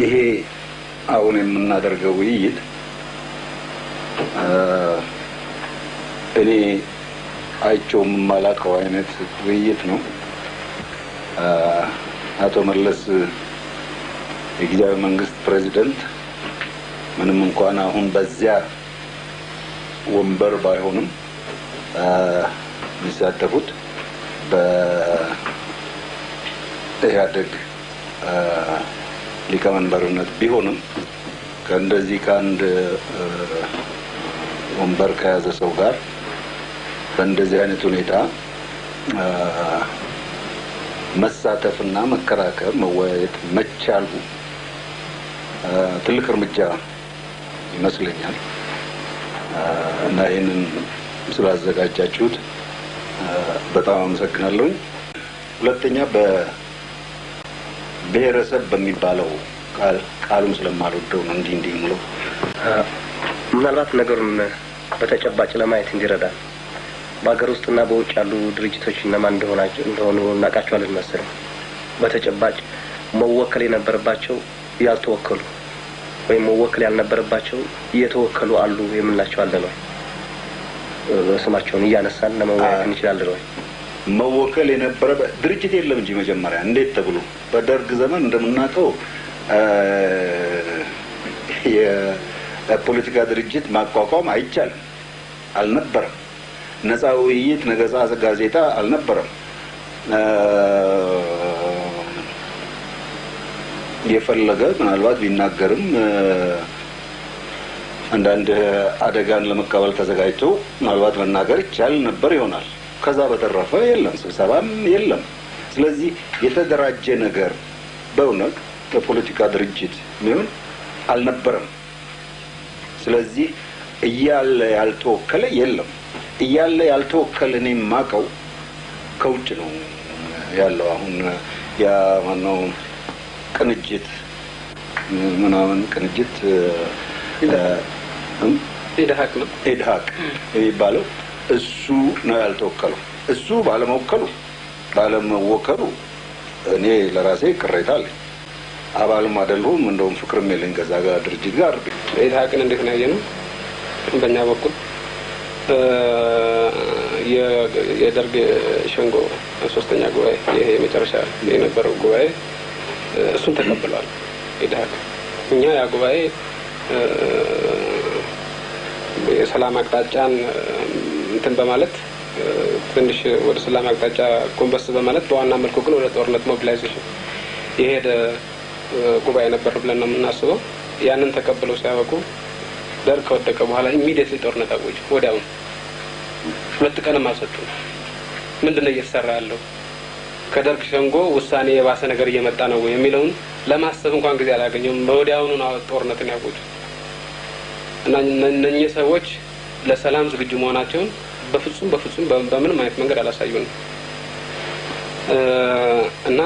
ይሄ አሁን የምናደርገው ውይይት እኔ አይቸው የማላውቀው አይነት ውይይት ነው። አቶ መለስ የጊዜያዊ መንግስት ፕሬዚደንት ምንም እንኳን አሁን በዚያ ወንበር ባይሆንም የሚሳተፉት በኢህአደግ ሊቀመንበርነት ቢሆንም ከእንደዚህ ከአንድ ወንበር ከያዘ ሰው ጋር በእንደዚህ አይነት ሁኔታ መሳተፍና መከራከር መወያየት መቻሉ ትልቅ እርምጃ ይመስለኛል እና ይህንን ስላዘጋጃችሁት በጣም አመሰግናለሁኝ። ሁለተኛ በ ብሔረሰብ በሚባለው ቃሉም ስለማልወደው ነው እንዲህ እንዲህ ምለው። ምናልባት ነገሩን በተጨባጭ ለማየት እንዲረዳል በሀገር ውስጥና በውጭ ያሉ ድርጅቶች እነማን እንደሆኑ እናቃቸዋለን መስል በተጨባጭ መወከል የነበረባቸው ያልተወከሉ ወይም መወከል ያልነበረባቸው እየተወከሉ አሉ የምንላቸው አለ ነው። ስማቸውን እያነሳን ለመወያየት እንችላለን ወይ? መወከል የነበረ ድርጅት የለም እንጂ መጀመሪያ እንዴት ተብሎ በደርግ ዘመን እንደምናውቀው የፖለቲካ ድርጅት ማቋቋም አይቻልም፣ አልነበረም። ነጻ ውይይት፣ ነገጻ ጋዜጣ አልነበረም። የፈለገ ምናልባት ቢናገርም አንዳንድ አደጋን ለመቀበል ተዘጋጅቶ ምናልባት መናገር ይቻል ነበር ይሆናል። ከዛ በተረፈ የለም፣ ስብሰባም የለም። ስለዚህ የተደራጀ ነገር በእውነት የፖለቲካ ድርጅት ሚሆን አልነበረም። ስለዚህ እያለ ያልተወከለ የለም። እያለ ያልተወከለ እኔ የማውቀው ከውጭ ነው ያለው። አሁን ያማነው ቅንጅት ምናምን ቅንጅት ኢድሀቅ የሚባለው እሱ ነው ያልተወከለው። እሱ ባለመወከሉ ባለመወከሉ እኔ ለራሴ ቅሬታ አለኝ። አባልም አይደለሁም፣ እንደውም ፍቅርም የለኝ ከዛ ጋር ድርጅት ጋር ይልሀቅን እንዴት ነው ያየነው? በእኛ በኩል የደርግ ሸንጎ ሶስተኛ ጉባኤ ይሄ የመጨረሻ የነበረው ጉባኤ እሱን ተቀብሏል ኢድሀቅ እኛ ያ ጉባኤ የሰላም አቅጣጫን እንትን በማለት ትንሽ ወደ ሰላም አቅጣጫ ጎንበስ በማለት በዋና መልኩ ግን ወደ ጦርነት ሞቢላይዜሽን የሄደ ጉባኤ ነበር ብለን ነው የምናስበው። ያንን ተቀብለው ሲያበቁ ደርግ ከወደቀ በኋላ ኢሚዲየትሊ ጦርነት አወጁ። ወዲያውኑ ሁለት ቀንም አልሰጡ። ምንድን ነው እየተሰራ ያለው ከደርግ ሸንጎ ውሳኔ የባሰ ነገር እየመጣ ነው የሚለውን ለማሰብ እንኳን ጊዜ አላገኘውም። በወዲያውኑ ጦርነትን ያወጁ እና እነኚህ ሰዎች ለሰላም ዝግጁ መሆናቸውን በፍጹም በፍጹም በምንም አይነት መንገድ አላሳዩንም እና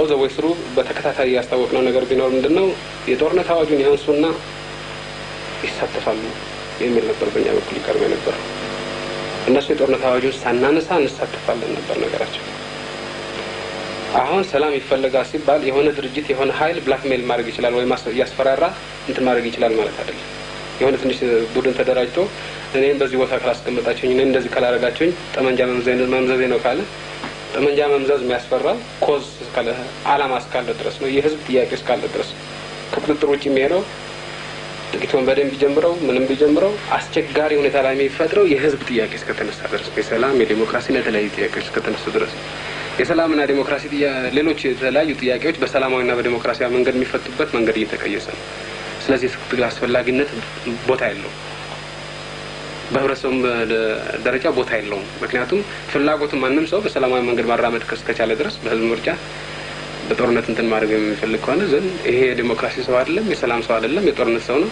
ኦዘ ወይስሩ በተከታታይ ያስታወቅነው ነገር ቢኖር ምንድን ነው የጦርነት አዋጁን ያንሱና ይሳተፋሉ የሚል ነበር በእኛ በኩል ይቀርበ ነበር። እነሱ የጦርነት አዋጁን ሳናነሳ እንሳተፋለን ነበር ነገራቸው። አሁን ሰላም ይፈለጋ ሲባል የሆነ ድርጅት የሆነ ሀይል ብላክሜል ማድረግ ይችላል ወይም እያስፈራራ እንትን ማድረግ ይችላል ማለት አይደለም። የሆነ ትንሽ ቡድን ተደራጅቶ እኔም በዚህ ቦታ ካላስቀመጣችሁኝ፣ እኔ እንደዚህ ካላረጋችሁኝ ጠመንጃ መምዘዜ ነው ካለ ጠመንጃ መምዘዝ የሚያስፈራ ኮዝ እስካለ አላማ እስካለ ድረስ ነው፣ የህዝብ ጥያቄ እስካለ ድረስ ከቁጥጥር ውጭ የሚሄደው ጥቂት ወንበዴ ቢጀምረው ምንም ቢጀምረው አስቸጋሪ ሁኔታ ላይ የሚፈጥረው የህዝብ ጥያቄ እስከተነሳ ድረስ የሰላም የዴሞክራሲና የተለያዩ ጥያቄዎች እስከተነሱ ድረስ የሰላምና ዴሞክራሲ ሌሎች የተለያዩ ጥያቄዎች በሰላማዊና በዴሞክራሲያዊ መንገድ የሚፈቱበት መንገድ እየተቀየሰ ነው። ስለዚህ ትግል አስፈላጊነት ቦታ የለውም። በህብረተሰቡም ደረጃ ቦታ የለውም። ምክንያቱም ፍላጎትን ማንም ሰው በሰላማዊ መንገድ ማራመድ እስከቻለ ድረስ በህዝብ ምርጫ በጦርነት እንትን ማድረግ የሚፈልግ ከሆነ ዘን ይሄ የዲሞክራሲ ሰው አይደለም፣ የሰላም ሰው አይደለም፣ የጦርነት ሰው ነው።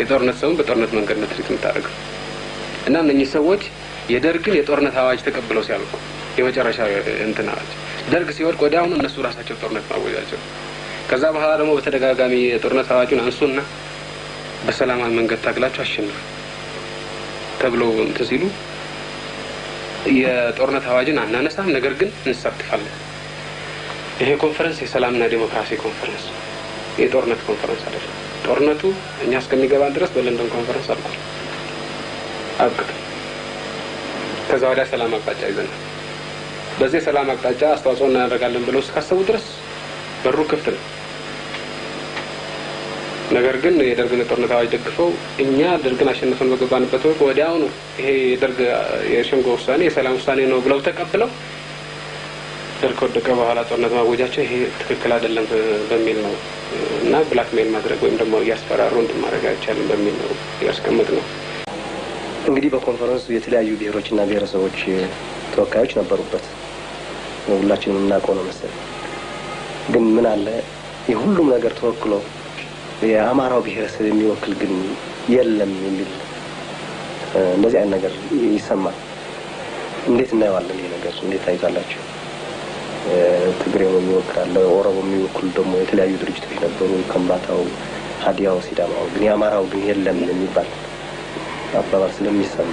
የጦርነት ሰውን በጦርነት መንገድ ነው ትሪት የምታደርገው እና እነኚህ ሰዎች የደርግን የጦርነት አዋጅ ተቀብለው ሲያልቁ የመጨረሻ እንትን አዋጅ ደርግ ሲወድቅ ወዲያውኑ እነሱ ራሳቸው ጦርነት ማወጃቸው ከዛ በኋላ ደግሞ በተደጋጋሚ የጦርነት አዋጁን አንሱና በሰላማዊ መንገድ ታግላችሁ አሸንፉ ተብሎ እንትን ሲሉ የጦርነት አዋጅን አናነሳም፣ ነገር ግን እንሳትፋለን። ይሄ ኮንፈረንስ የሰላምና ዴሞክራሲ ኮንፈረንስ፣ የጦርነት ኮንፈረንስ አይደለም። ጦርነቱ እኛ እስከሚገባን ድረስ በለንደን ኮንፈረንስ አልቋል፣ አብቅቶ ከዛ ወዲያ ሰላም አቅጣጫ ይዘናል። በዚህ የሰላም አቅጣጫ አስተዋጽኦ እናደርጋለን ብለው እስካሰቡ ድረስ በሩ ክፍት ነው። ነገር ግን የደርግን ጦርነት አዋጅ ደግፈው እኛ ደርግን አሸንፈን በገባንበት ወቅት ነው ይሄ የደርግ የሸንጎ ውሳኔ የሰላም ውሳኔ ነው ብለው ተቀብለው ደርግ ከወደቀ በኋላ ጦርነት ማወጃቸው ይሄ ትክክል አይደለም በሚል ነው እና ብላክሜል ማድረግ ወይም ደግሞ እያስፈራሩ እንትን ማድረግ አይቻልም በሚል ነው እያስቀመጥ ነው። እንግዲህ በኮንፈረንሱ የተለያዩ ብሔሮችና ብሔረሰቦች ተወካዮች ነበሩበት። ሁላችንም የምናውቀው ነው መሰለኝ። ግን ምን አለ የሁሉም ነገር ተወክሎ የአማራው ብሔረሰብ የሚወክል ግን የለም የሚል እንደዚህ አይነት ነገር ይሰማል። እንዴት እናየዋለን? ይህ ነገር እንዴት ታይቷላችሁ? ትግሬውን የሚወክል አለ፣ የሚወክሉ ደግሞ የተለያዩ ድርጅቶች ነበሩ፣ ከምባታው፣ ሀዲያው፣ ሲዳማው፣ ግን የአማራው ግን የለም የሚባል አባባል ስለሚሰማ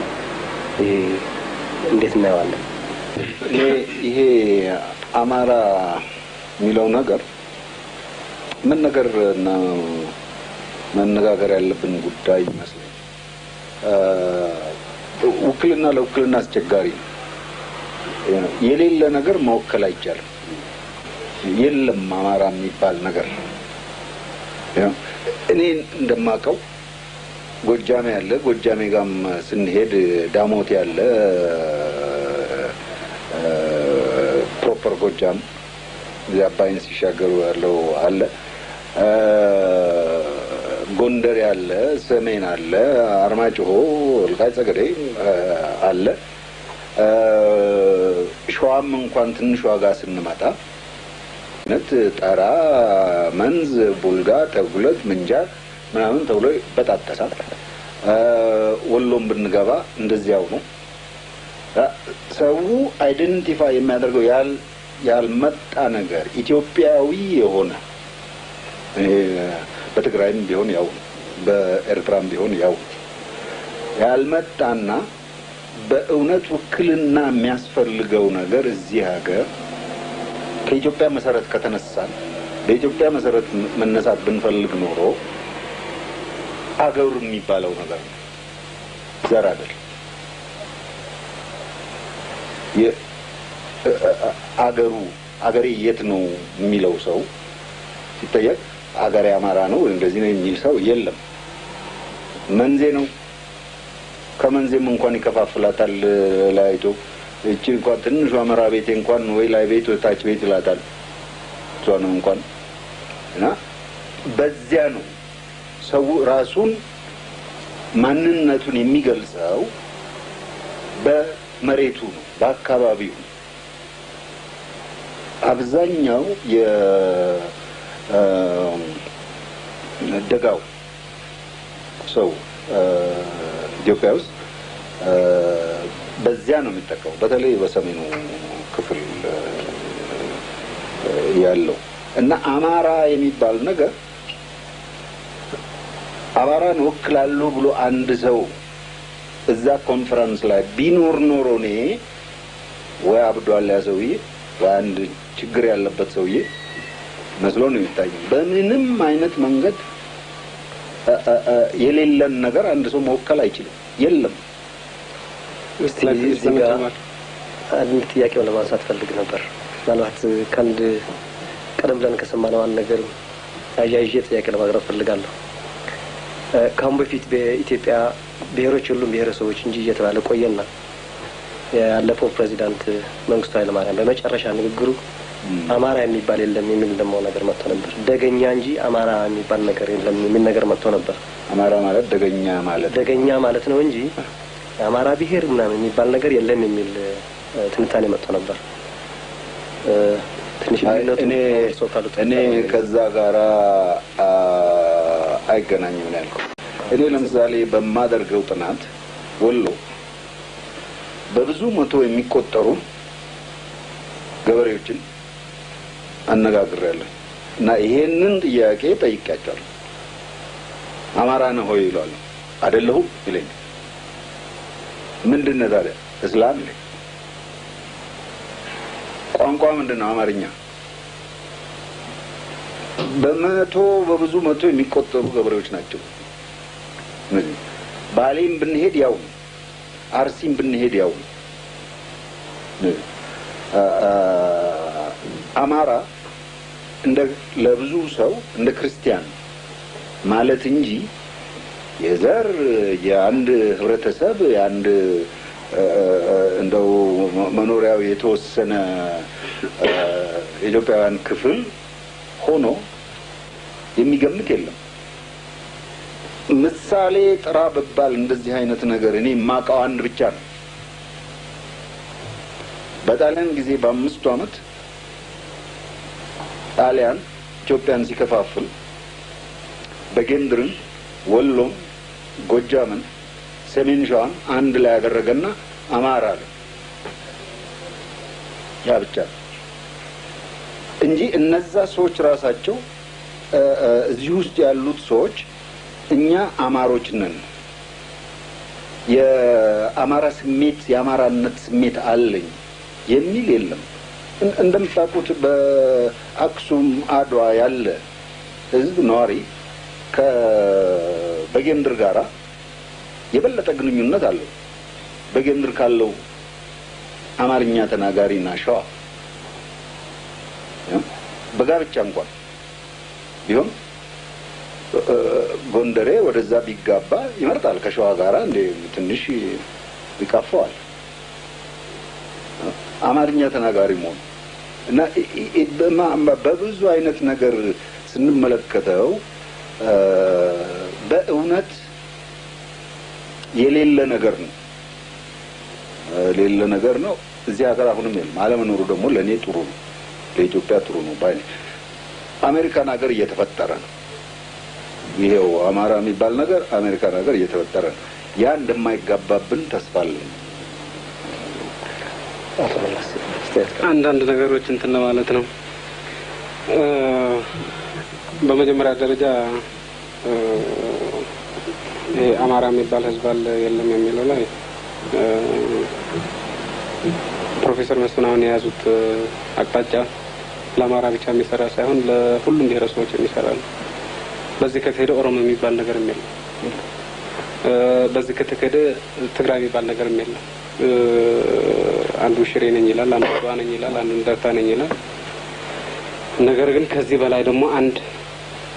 ይሄ እንዴት እናየዋለን? ይሄ አማራ የሚለው ነገር ምን ነገር እና መነጋገር ያለብን ጉዳይ ይመስላል። ውክልና ለውክልና አስቸጋሪ ነው። የሌለ ነገር መወከል አይቻልም። የለም አማራ የሚባል ነገር እኔ እንደማውቀው ጎጃሜ ያለ ጎጃሜ ጋም ስንሄድ ዳሞት ያለ ፕሮፐር ጎጃም አባይን ሲሻገሩ ያለው አለ፣ ጎንደር ያለ፣ ሰሜን አለ፣ አርማጭሆ፣ ወልቃይ ጸገዴ አለ። ሸዋም እንኳን ትንሽ ዋጋ ስንመጣ ነት ጠራ፣ መንዝ፣ ቡልጋ፣ ተጉለት፣ ምንጃር ምናምን ተብሎ ይበጣጠሳል። ወሎም ብንገባ እንደዚያው ነው። ሰው አይደንቲፋይ የሚያደርገው ያል ያልመጣ ነገር ኢትዮጵያዊ የሆነ በትግራይም ቢሆን ያው በኤርትራም ቢሆን ያው ያልመጣና በእውነት ውክልና የሚያስፈልገው ነገር እዚህ ሀገር ከኢትዮጵያ መሰረት ከተነሳን በኢትዮጵያ መሰረት መነሳት ብንፈልግ ኖሮ አገሩ የሚባለው ነገር ነው፣ ዘር አይደል። አገሩ አገሬ የት ነው የሚለው ሰው ሲጠየቅ አገሬ አማራ ነው እንደዚህ ነው የሚል ሰው የለም። መንዜ ነው። ከመንዜም እንኳን ይከፋፍላታል ላይቶ እቺ እንኳን ትንሹ አመራ ቤቴ እንኳን ወይ ላይ ቤት ወይ ታች ቤት ይላታል። እሷንም እንኳን እና በዚያ ነው ሰው ራሱን ማንነቱን የሚገልጸው በመሬቱ ነው፣ በአካባቢው አብዛኛው የደጋው ሰው ኢትዮጵያ ውስጥ በዚያ ነው የሚጠቀመው። በተለይ በሰሜኑ ክፍል ያለው እና አማራ የሚባል ነገር አማራን ወክላለሁ ብሎ አንድ ሰው እዛ ኮንፈረንስ ላይ ቢኖር ኖሮ እኔ ወይ አብዷል ያ ሰውዬ ወይ አንድ ችግር ያለበት ሰውዬ መስሎ ነው የሚታየው። በምንም አይነት መንገድ የሌለን ነገር አንድ ሰው መወከል አይችልም። የለም። አንድ ጥያቄ ለማንሳት ፈልግ ነበር። ምናልባት ከአንድ ቀደም ብለን ከሰማነው አንድ ነገር አያይዤ ጥያቄ ለማቅረብ ፈልጋለሁ። ከአሁን በፊት በኢትዮጵያ ብሔሮች ሁሉም ብሔረሰቦች እንጂ እየተባለ ቆየና ያለፈው ፕሬዚዳንት መንግስቱ ኃይለማርያም በመጨረሻ ንግግሩ አማራ የሚባል የለም የሚል ደሞ ነገር መጥቶ ነበር። ደገኛ እንጂ አማራ የሚባል ነገር የለም የሚል ነገር መጥቶ ነበር። አማራ ማለት ደገኛ ማለት ደገኛ ማለት ነው እንጂ አማራ ብሔር ምናምን የሚባል ነገር የለም የሚል ትንታኔ መጥቶ ነበር። እኔ ከዛ ጋራ አይገናኝም ነው ያልኩት። እኔ ለምሳሌ በማደርገው ጥናት ወሎ በብዙ መቶ የሚቆጠሩ ገበሬዎችን አነጋግሬያለሁ እና ይሄንን ጥያቄ ጠይቄያቸዋለሁ። አማራ ነህ ሆይ ይሏሉ። አይደለሁም ይለኛል። ምንድን ነህ ታዲያ? እስላም ይለኝ። ቋንቋ ምንድን ነው? አማርኛ። በመቶ በብዙ መቶ የሚቆጠሩ ገበሬዎች ናቸው። ባሌም ብንሄድ ያው ነው አርሲም ብንሄድ ያው አማራ እንደ ለብዙ ሰው እንደ ክርስቲያን ማለት እንጂ የዘር የአንድ ህብረተሰብ የአንድ እንደው መኖሪያው የተወሰነ ኢትዮጵያውያን ክፍል ሆኖ የሚገምት የለም። ምሳሌ ጥራ ብባል እንደዚህ አይነት ነገር እኔ የማውቀው አንድ ብቻ ነው። በጣሊያን ጊዜ በአምስቱ አመት ጣሊያን ኢትዮጵያን ሲከፋፍል በጌንድርን፣ ወሎም፣ ጎጃምን፣ ሰሜን ሸዋን አንድ ላይ ያደረገና አማራ አለ። ያ ብቻ እንጂ እነዛ ሰዎች ራሳቸው እዚህ ውስጥ ያሉት ሰዎች እኛ አማሮች ነን። የአማራ ስሜት የአማራነት ስሜት አለኝ የሚል የለም። እንደምታውቁት በአክሱም አድዋ ያለ ህዝብ ነዋሪ ከበጌምድር ጋራ የበለጠ ግንኙነት አለው በጌምድር ካለው አማርኛ ተናጋሪና ሸዋ በጋብቻ እንኳን ቢሆን ጎንደሬ ወደዛ ቢጋባ ይመርጣል። ከሸዋ ጋራ እንደ ትንሽ ይቃፈዋል። አማርኛ ተናጋሪ መሆኑ እና በብዙ አይነት ነገር ስንመለከተው በእውነት የሌለ ነገር ነው የሌለ ነገር ነው። እዚህ ሀገር አሁንም የለም። አለመኖሩ ደግሞ ለእኔ ጥሩ ነው፣ ለኢትዮጵያ ጥሩ ነው ባይ። አሜሪካን ሀገር እየተፈጠረ ነው ይሄው አማራ የሚባል ነገር አሜሪካ ነገር እየተፈጠረ ነው። ያ እንደማይጋባብን ተስፋ አለኝ። አንዳንድ ነገሮች እንትን ለማለት ነው። በመጀመሪያ ደረጃ ይሄ አማራ የሚባል ህዝብ አለ የለም የሚለው ላይ ፕሮፌሰር መስፍን አሁን የያዙት አቅጣጫ ለአማራ ብቻ የሚሰራ ሳይሆን ለሁሉም ብሔረሰቦች የሚሰራ ነው። በዚህ ከተሄደ ኦሮሞ የሚባል ነገር የለም። በዚህ ከተሄደ ትግራይ የሚባል ነገር የለም። አንዱ ሽሬ ነኝ ይላል፣ አንዱ ሸዋ ነኝ ይላል፣ አንዱ እንደርታ ነኝ ይላል። ነገር ግን ከዚህ በላይ ደግሞ አንድ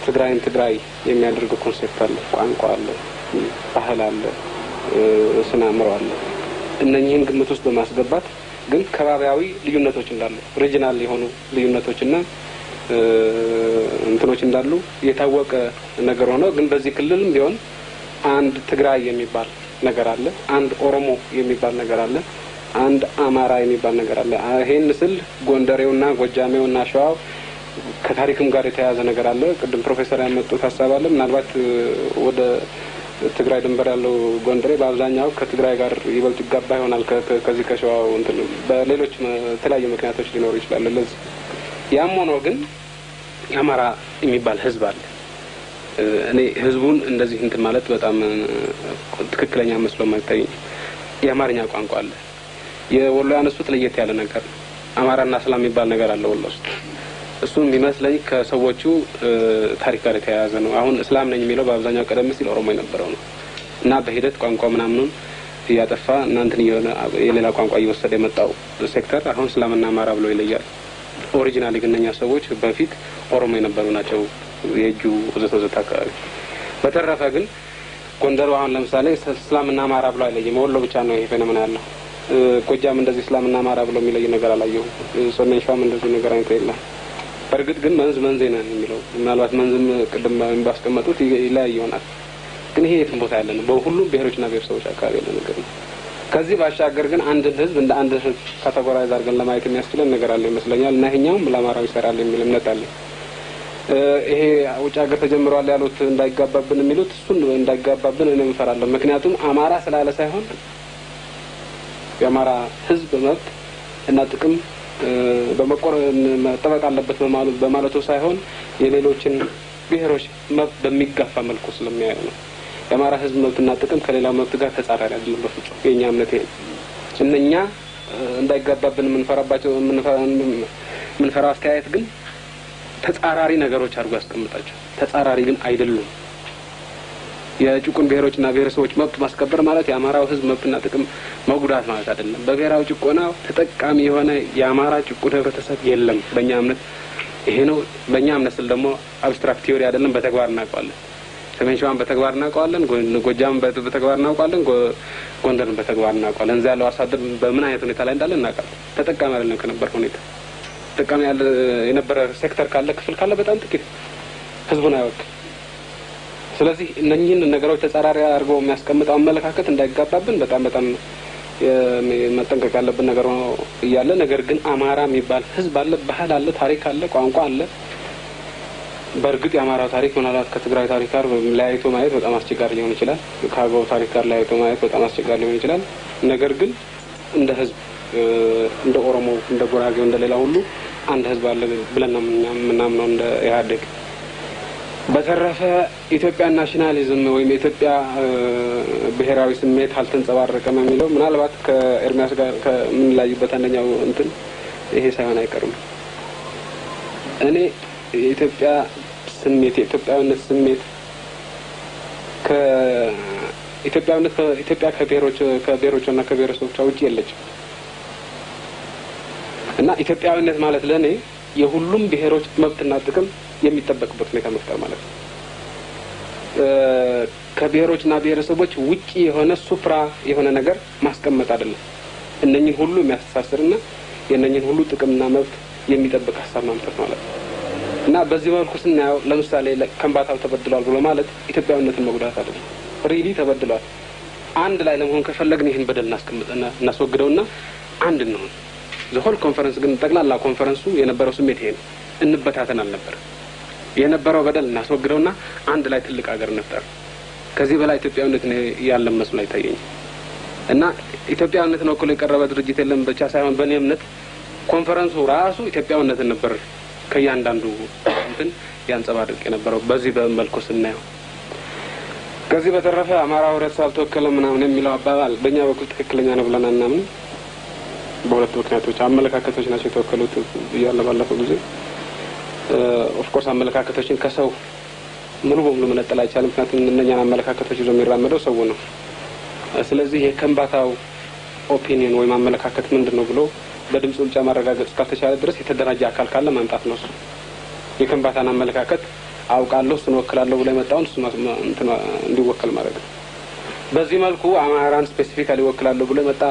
ትግራይን ትግራይ የሚያደርግ ኮንሴፕት አለ፣ ቋንቋ አለ፣ ባህል አለ፣ ስነ አእምሮ አለ። እነኚህን ግምት ውስጥ በማስገባት ግን ከባቢያዊ ልዩነቶች እንዳሉ ሪጅናል የሆኑ ልዩነቶች እና እንትኖች እንዳሉ የታወቀ ነገር ሆኖ ግን በዚህ ክልልም ቢሆን አንድ ትግራይ የሚባል ነገር አለ፣ አንድ ኦሮሞ የሚባል ነገር አለ፣ አንድ አማራ የሚባል ነገር አለ። ይሄን ስል ጎንደሬውና ጎጃሜውና ሸዋው ከታሪክም ጋር የተያያዘ ነገር አለ። ቅድም ፕሮፌሰር ያመጡት ሀሳብ አለ። ምናልባት ወደ ትግራይ ድንበር ያለው ጎንደሬ በአብዛኛው ከትግራይ ጋር ይበልጥ ይጋባ ይሆናል ከዚህ ከሸዋው እንትን በሌሎች የተለያዩ ምክንያቶች ሊኖሩ ይችላል ለዚህ ያም ሆኖ ግን የአማራ የሚባል ህዝብ አለ። እኔ ህዝቡን እንደዚህ እንትን ማለት በጣም ትክክለኛ መስሎ የማይታየኝ የአማርኛ ቋንቋ አለ። የወሎ ያነሱት ለየት ያለ ነገር ነው። አማራና ሰላም የሚባል ነገር አለ ወሎ ውስጥ። እሱ የሚመስለኝ ከሰዎቹ ታሪክ ጋር የተያያዘ ነው። አሁን እስላም ነኝ የሚለው በአብዛኛው ቀደም ሲል ኦሮሞ የነበረው ነው እና በሂደት ቋንቋ ምናምኑን እያጠፋ እናንትን የሆነ የሌላ ቋንቋ እየወሰደ የመጣው ሴክተር አሁን እስላምና አማራ ብሎ ይለያል። ኦሪጂናል ግን እነኛ ሰዎች በፊት ኦሮሞ የነበሩ ናቸው። የእጁ ወዘተ ወዘተ አካባቢ በተረፈ ግን ጎንደሩ አሁን ለምሳሌ እስላምና አማራ ብሎ አይለይም። ወሎ ብቻ ነው ይሄ ፌኖመን ያለው። ጎጃም እንደዚህ እስላምና አማራ ብሎ የሚለይ ነገር አላየሁ። ሰሜን ሸዋም እንደዚህ ነገር አይነት የለም። በእርግጥ ግን መንዝ መንዝ ነን የሚለው ምናልባት መንዝም ቅድም ባስቀመጡት ይለያይ ይሆናል። ግን ይሄ የትም ቦታ ያለ ነው። በሁሉም ብሔሮችና ብሔረሰቦች አካባቢ ያለ ነገር ነው። ከዚህ ባሻገር ግን አንድን ህዝብ እንደ አንድ ህዝብ ካተጎራይዝ አድርገን ለማየት የሚያስችለን ነገር አለ ይመስለኛል እና ይሄኛውም ለአማራው ይሰራል የሚል እምነት አለ። ይሄ ውጭ ሀገር ተጀምሯል ያሉት እንዳይጋባብን የሚሉት እሱን እንዳይጋባብን እኔ እንፈራለሁ። ምክንያቱም አማራ ስላለ ሳይሆን የአማራ ህዝብ መብት እና ጥቅም በመቆር መጠበቅ አለበት በማለቱ ሳይሆን የሌሎችን ብሔሮች መብት በሚጋፋ መልኩ ስለሚያየው ነው። የአማራ ህዝብ መብትና ጥቅም ከሌላው መብት ጋር ተጻራሪ አይደለም በፍጹም። የእኛ እምነት ይሄ እነኛ እንዳይጋባብን የምንፈራባቸው የምንፈራው አስተያየት ግን ተጻራሪ ነገሮች አድርጎ ያስቀምጣቸው ተጻራሪ ግን አይደሉም። የጭቁን ብሔሮችና ብሔረሰቦች መብት ማስከበር ማለት የአማራው ህዝብ መብትና ጥቅም መጉዳት ማለት አይደለም። በብሔራዊ ጭቆና ተጠቃሚ የሆነ የአማራ ጭቁን ህብረተሰብ የለም። በእኛ እምነት ይሄ ነው። በእኛ እምነት ስል ደግሞ አብስትራክት ቲዮሪ አይደለም፣ በተግባር እናውቀዋለን። ሰሜን ሸዋን በተግባር እናውቀዋለን፣ ጎጃም በተግባር እናውቀዋለን፣ ጎንደርን በተግባር እናውቀዋለን። እዛ ያለው አርሶ አደር በምን አይነት ሁኔታ ላይ እንዳለ እናውቃለን። ተጠቃሚ አይደለም ከነበር ሁኔታ ተጠቃሚ ያለ የነበረ ሴክተር ካለ ክፍል ካለ በጣም ጥቂት ህዝቡን አይወክል። ስለዚህ እነኝህን ነገሮች ተጻራሪ አድርገው የሚያስቀምጠው አመለካከት እንዳይጋባብን በጣም በጣም መጠንቀቅ ያለብን ነገር እያለ ነገር ግን አማራ የሚባል ህዝብ አለ፣ ባህል አለ፣ ታሪክ አለ፣ ቋንቋ አለ በእርግጥ የአማራ ታሪክ ምናልባት ከትግራይ ታሪክ ጋር ለያይቶ ማየት በጣም አስቸጋሪ ሊሆን ይችላል። ከአገው ታሪክ ጋር ለያይቶ ማየት በጣም አስቸጋሪ ሊሆን ይችላል። ነገር ግን እንደ ህዝብ እንደ ኦሮሞ፣ እንደ ጉራጌው፣ እንደ ሌላ ሁሉ አንድ ህዝብ አለ ብለን የምናምነው እንደ ኢህአዴግ። በተረፈ ኢትዮጵያ ናሽናሊዝም ወይም የኢትዮጵያ ብሔራዊ ስሜት አልተንጸባረቀም የሚለው ምናልባት ከኤርሚያስ ጋር ከምንለያዩበት አንደኛው እንትን ይሄ ሳይሆን አይቀርም። እኔ የኢትዮጵያ ስሜት የኢትዮጵያዊነት ስሜት ከኢትዮጵያዊነት ኢትዮጵያ ከብሔሮች ከብሔሮቿና ከብሔረሰቦቿ ውጭ የለችም እና ኢትዮጵያዊነት ማለት ለእኔ የሁሉም ብሔሮች መብትና ጥቅም የሚጠበቅበት ሁኔታ መፍጠር ማለት ነው። ከብሔሮችና ብሔረሰቦች ውጭ የሆነ ሱፍራ የሆነ ነገር ማስቀመጥ አይደለም። እነኝን ሁሉ የሚያስተሳስርና የእነኝን ሁሉ ጥቅምና መብት የሚጠብቅ ሀሳብ ማምጣት ማለት ነው። እና በዚህ መልኩ ስናየው ለምሳሌ ከምባታው ተበድሏል ብሎ ማለት ኢትዮጵያዊነትን መጉዳት አለ። ሪሊ ተበድሏል። አንድ ላይ ለመሆን ከፈለግን ይህን በደል ና አንድ እንሆን። ዘሆል ኮንፈረንስ ግን ጠቅላላ ኮንፈረንሱ የነበረው ስሜት ይሄ ነው። እንበታተን አልነበር። የነበረው በደል እናስወግደውና አንድ ላይ ትልቅ ሀገር እንፍጠር። ከዚህ በላይ ኢትዮጵያዊነት ያለን መስሎ አይታየኝ እና ኢትዮጵያዊነትን ወክሎ የቀረበ ድርጅት የለም ብቻ ሳይሆን በእኔ እምነት ኮንፈረንሱ ራሱ ኢትዮጵያዊነትን ነበር ከእያንዳንዱ እንትን ያንጸባርቅ የነበረው በዚህ በመልኩ ስናየው ከዚህ በተረፈ አማራ ህብረተሰብ አልተወከለም ምናምን የሚለው አባባል በእኛ በኩል ትክክለኛ ነው ብለን አናምን። በሁለት ምክንያቶች አመለካከቶች ናቸው የተወከሉት እያለ ባለፈው ጊዜ ኦፍኮርስ አመለካከቶችን ከሰው ሙሉ በሙሉ መነጠል አይቻልም። ምክንያቱም እነኛን አመለካከቶች ይዞ የሚራመደው ሰው ነው። ስለዚህ የከንባታው ኦፒኒየን ወይም አመለካከት ምንድን ነው ብሎ በድምፅ ብልጫ ማረጋገጥ እስካልተቻለ ድረስ የተደራጀ አካል ካለ ማምጣት ነው። እሱ የከንባታን አመለካከት አውቃለሁ እሱን ወክላለሁ ብላ የመጣውን እሱ እንዲወከል ማድረግ ነው። በዚህ መልኩ አማራን ስፔሲፊካሊ ወክላለሁ ብሎ የመጣ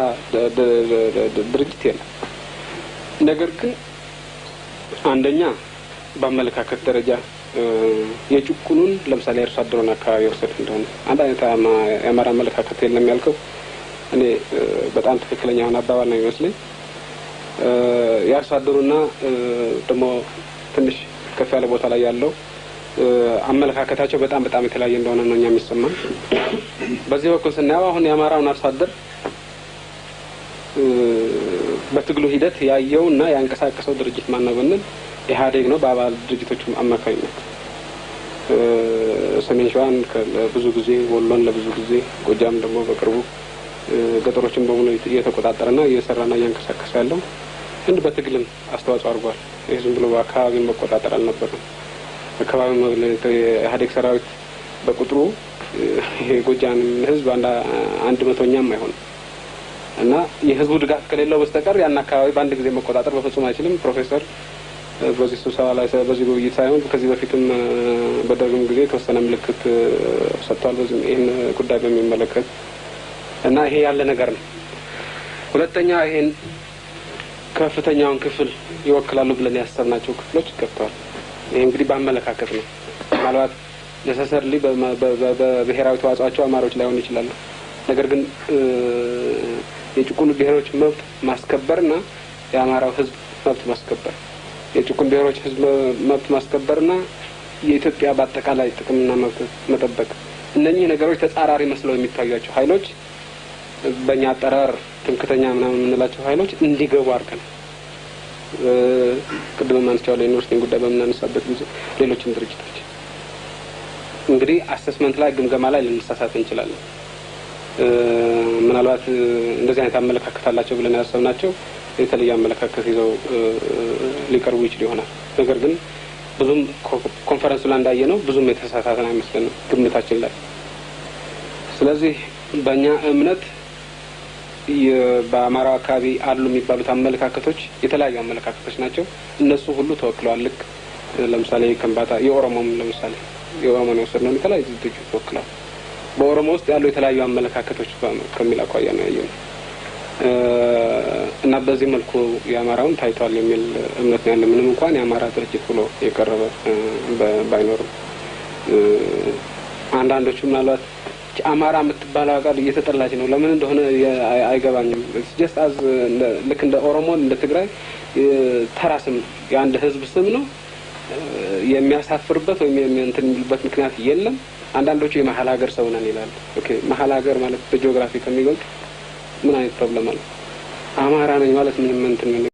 ድርጅት የለም። ነገር ግን አንደኛ በአመለካከት ደረጃ የጭቁኑን ለምሳሌ የእርሶ አደሩን አካባቢ ወሰድ እንደሆነ አንድ አይነት የአማራ አመለካከት የለም ያልከው እኔ በጣም ትክክለኛ ሆነ አባባል ነው ይመስለኝ። የአርሶ አደሩና ደግሞ ትንሽ ከፍ ያለ ቦታ ላይ ያለው አመለካከታቸው በጣም በጣም የተለያየ እንደሆነ ነው እኛ የሚሰማን። በዚህ በኩል ስናየው አሁን የአማራውን አርሶ አደር በትግሉ ሂደት ያየው እና ያንቀሳቀሰው ድርጅት ማን ነው ብንል ኢህአዴግ ነው። በአባል ድርጅቶች አማካኝነት ሰሜን ሸዋን ብዙ ጊዜ፣ ወሎን ለብዙ ጊዜ፣ ጎጃም ደግሞ በቅርቡ ገጠሮችን በሙሉ እየተቆጣጠረና እየሰራና እያንቀሳቀሰ ያለው እንድ በትግልም አስተዋጽኦ አድርጓል። ይህ ዝም ብሎ አካባቢን መቆጣጠር አልነበረም። አካባቢ ኢህአዴግ ሰራዊት በቁጥሩ የጎጃም ህዝብ አንድ መቶኛም አይሆንም እና የህዝቡ ድጋፍ ከሌለው በስተቀር ያን አካባቢ በአንድ ጊዜ መቆጣጠር በፍጹም አይችልም። ፕሮፌሰር በዚህ ስብሰባ ላይ በዚህ ውይይት ሳይሆን ከዚህ በፊትም በደርግም ጊዜ የተወሰነ ምልክት ሰጥቷል። ይህን ጉዳይ በሚመለከት እና ይሄ ያለ ነገር ነው። ሁለተኛ ይሄን ከፍተኛውን ክፍል ይወክላሉ ብለን ያሰብናቸው ክፍሎች ገብተዋል። ይሄ እንግዲህ በአመለካከት ነው። ምናልባት ነሰሰርሊ በብሔራዊ ተዋጽኦቸው አማሪዎች ላይሆን ይችላሉ። ነገር ግን የጭቁን ብሔሮች መብት ማስከበርና የአማራው ህዝብ መብት ማስከበር የጭቁን ብሔሮች ህዝብ መብት ማስከበርና የኢትዮጵያ በአጠቃላይ ጥቅምና መብት መጠበቅ እነኚህ ነገሮች ተጻራሪ መስለው የሚታዩቸው ኃይሎች በእኛ አጠራር ትምክተኛ ምናምን የምንላቸው ሀይሎች እንዲገቡ አድርገናል። ቅድም ማንስቻው ለዩኒቨርሲቲን ጉዳይ በምናነሳበት ጊዜ ሌሎችም ድርጅቶች እንግዲህ አሰስመንት ላይ ግምገማ ላይ ልንሳሳት እንችላለን። ምናልባት እንደዚህ አይነት አመለካከት አላቸው ብለን ያሰብናቸው የተለየ አመለካከት ይዘው ሊቀርቡ ይችል ይሆናል። ነገር ግን ብዙም ኮንፈረንሱ ላይ እንዳየ ነው ብዙም የተሳሳተን አይመስለንም ግምታችን ላይ። ስለዚህ በእኛ እምነት በአማራው አካባቢ አሉ የሚባሉት አመለካከቶች የተለያዩ አመለካከቶች ናቸው። እነሱ ሁሉ ተወክለዋል። ልክ ለምሳሌ ከንባታ የኦሮሞም ለምሳሌ የኦሮሞን ነው የተለያዩ ድርጅቶች ተወክለዋል። በኦሮሞ ውስጥ ያሉ የተለያዩ አመለካከቶች ከሚል አኳያ ነው ያየው እና በዚህ መልኩ የአማራውን ታይቷል የሚል እምነት ነው ያለ። ምንም እንኳን የአማራ ድርጅት ብሎ የቀረበ ባይኖርም አንዳንዶቹ ምናልባት አማራ የምትባለው ሀገር እየተጠላች ነው። ለምን እንደሆነ አይገባኝም። ጀስት አዝ ልክ እንደ ኦሮሞ እንደ ትግራይ ተራ ስም ነው፣ የአንድ ህዝብ ስም ነው። የሚያሳፍርበት ወይም የሚንትን የሚልበት ምክንያት የለም። አንዳንዶቹ የመሀል ሀገር ሰው ነን ይላሉ። ኦኬ መሀል ሀገር ማለት በጂኦግራፊ ከሚገልጥ ምን አይነት ፕሮብለም አለ? አማራ ነኝ ማለት ምንም እንትን